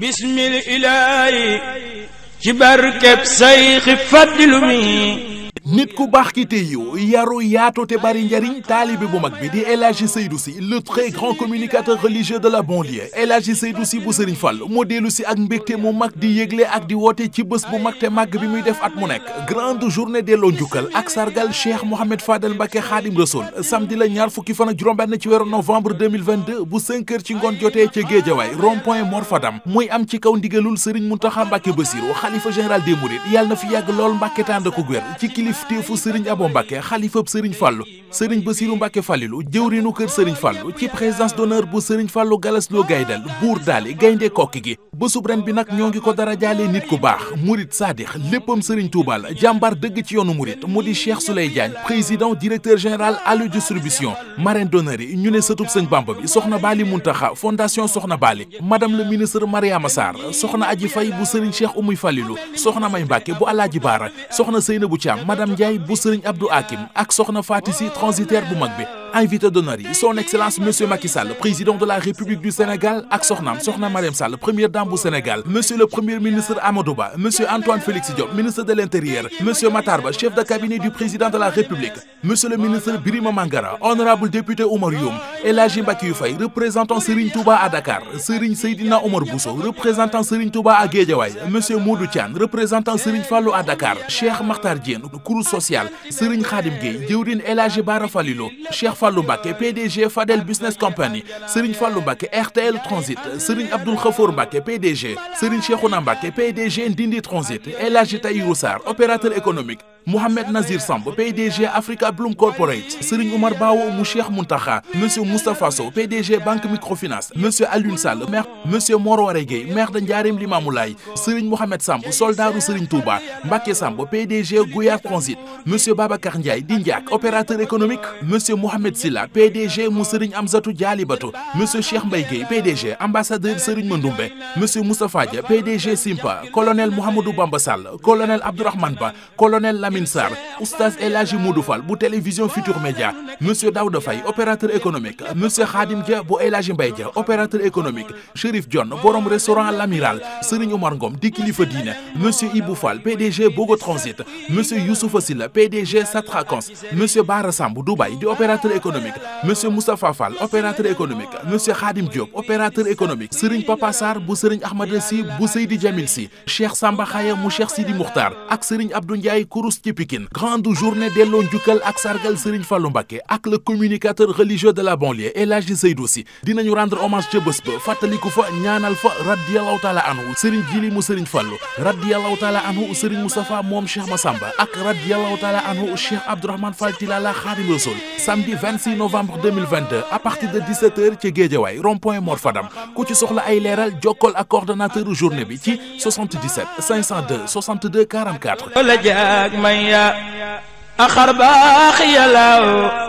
bismil ilaahi ci barkeb sayxi faddilu mi nit ku baax ki te yiw yaru yaatu te bari njariñ taalibe bu mag bi di El Hadji Seydou Sy grand communicateur religieux de la banlieue El Hadji Seydou Sy bu Serigne Fall moo si ak mbégte mu mag di yëgle ak di woote ci bés bu mag te màgg bi muy def at mu nekk grande journée delloo njukkal ak sargal Cheikh Mohamed Fadel Mbacké Khadim Rassoul samedi la ñaar fukki fan ak juróom-benn ci weeru novembre 2022 bu 5 heures ci ngoon jotee ca Géejawaay rond point Mor Fadam muy am ci kaw ndigalul Serigne Mountakha Mbacké Bassirou xalifa général des Mourides yàlla na fi yàgg lool Mbacké tànd ko kilifteefu sëriñ Abo Mbacke xalifab sëriñ Fallou sëriñ Bassirou Mbacke Fallilu jëwriñu kër sëriñ Fallou ci présidence d'honneur bu sëriñ Fallou Galasloo Gaydel buur daali gaynde kokki gi bésub ren bi nag ñoo ngi ko dara jaalee nit ku baax murit saadix léppam sëriñ Touba la jàmbaar dëgg ci yoonu murit mu di Cheikh Souley Diagne président directeur général Aliou distribution marraine d'honneur yi ñu ne sëtub sëñ Bamba bi soxna Bali Muntaxa fondation soxna Bali madame le ministre Mariama Sarr soxna Aji Fay bu sëriñ Cheikh Oumy Fallilu soxna May Mbacke bu Alaaji Baara soxna Seyna bu Thiam madame Ndiaye bu sëriñ abdu Akim ak soxna Faati si transitaire bu mag bi invité d'honneur yi son excellence monsieur Macky Sall président de la république du Sénégal ak soxnaam soxna Mariam Sall première bu Sénégal monsieur le premier ministre Amadou Ba Antoine Félix Diop ministre de l'intérieur monsieur Matar chef de cabinet du président de la république monsieur le ministre Birima Mangara honorable député Oumar Youm El Hadji Mbackiyou représentant Serigne Touba à Dakar Serigne Seydina Omar Bousso représentant Serigne Touba à Guédiawaye monsieur Modou représentant Fallou Mbacke PDG Fadel Business Company Serigne Fallou Mbacke RTL Transit Serigne Abdoul Khafour Mbacke PDG Serigne Cheikhouna Mbacke PDG Ndindi Transit El Hadji Tahirou Sarr opérateur économique Mohamed Nazir Samb PDG Africa Bloom Corporate Serigne Oumar Bawo mu Cheikh Mountakha monsieur Moustapha Sow PDG Banque Microfinance monsieur Alioune Sall maire monsieur Mor Waré Gueye maire de Ndiarème Limamoulaye Serigne Mohamed Samb soldaaru Serigne Touba Mbacké Samb PDG Gouya Transit monsieur Babacar Ndiaye Dindiak opérateur économique monsieur Mohamed Silla PDG mu Serigne Amsatou Dialibatu monsieur Cheikh Mbaye Gueye PDG ambassadeur Serigne Mandoumbe monsieur Moustapha Dia PDG Simpa colonel Mouhamadou Bamba Sall colonel Lamine Sarr oustaz El Hadji Modou Fall bu télévision Futur Média monsieur Daouda Faye opérateur économique monsieur Khadim Dia bu El Hadji Mbaye Dia opérateur économique Chérif Dione borom restaurant L'Amiral Serigne Omar Ngom di kilifa diine monsieur Ibou Fall PDG Bogo Transit monsieur Youssoufa Silla PDG Satracons monsieur Bara Samb Dubaï di opérateur économique monsieur Moustapha Fall opérateur économique monsieur Khadim Diop opérateur économique Serigne Papa Sarr bu Serigne Ahmada Sy bu Seydi Jamil Sy Cheikh Samba Khaya mu Cheikh Sidi Moukhtar ak Serigne Abdou Ndiaye Kourousti ci Pikine grande journée delloo njukkal ak sargal Serigne Fallou Mbacké ak le communicateur religieux de la banlieue El Hadji Seydou Sy dinañu rendre hommage ca bés ba fa ñaanal fa radiyallahu taala anhu Serigne mu Serigne Fallou radiyallahu taala anhu Serigne moom Cheikh Massamba ak radiyallahu taala anhu Cheikh Abdourahmane Fall samedi novembre à partir de 17h ci Guédiawaye rond-point Fadam ku ci soxla ay leeral jokkool bi ci 77 502 62 44 ya axar baax ya law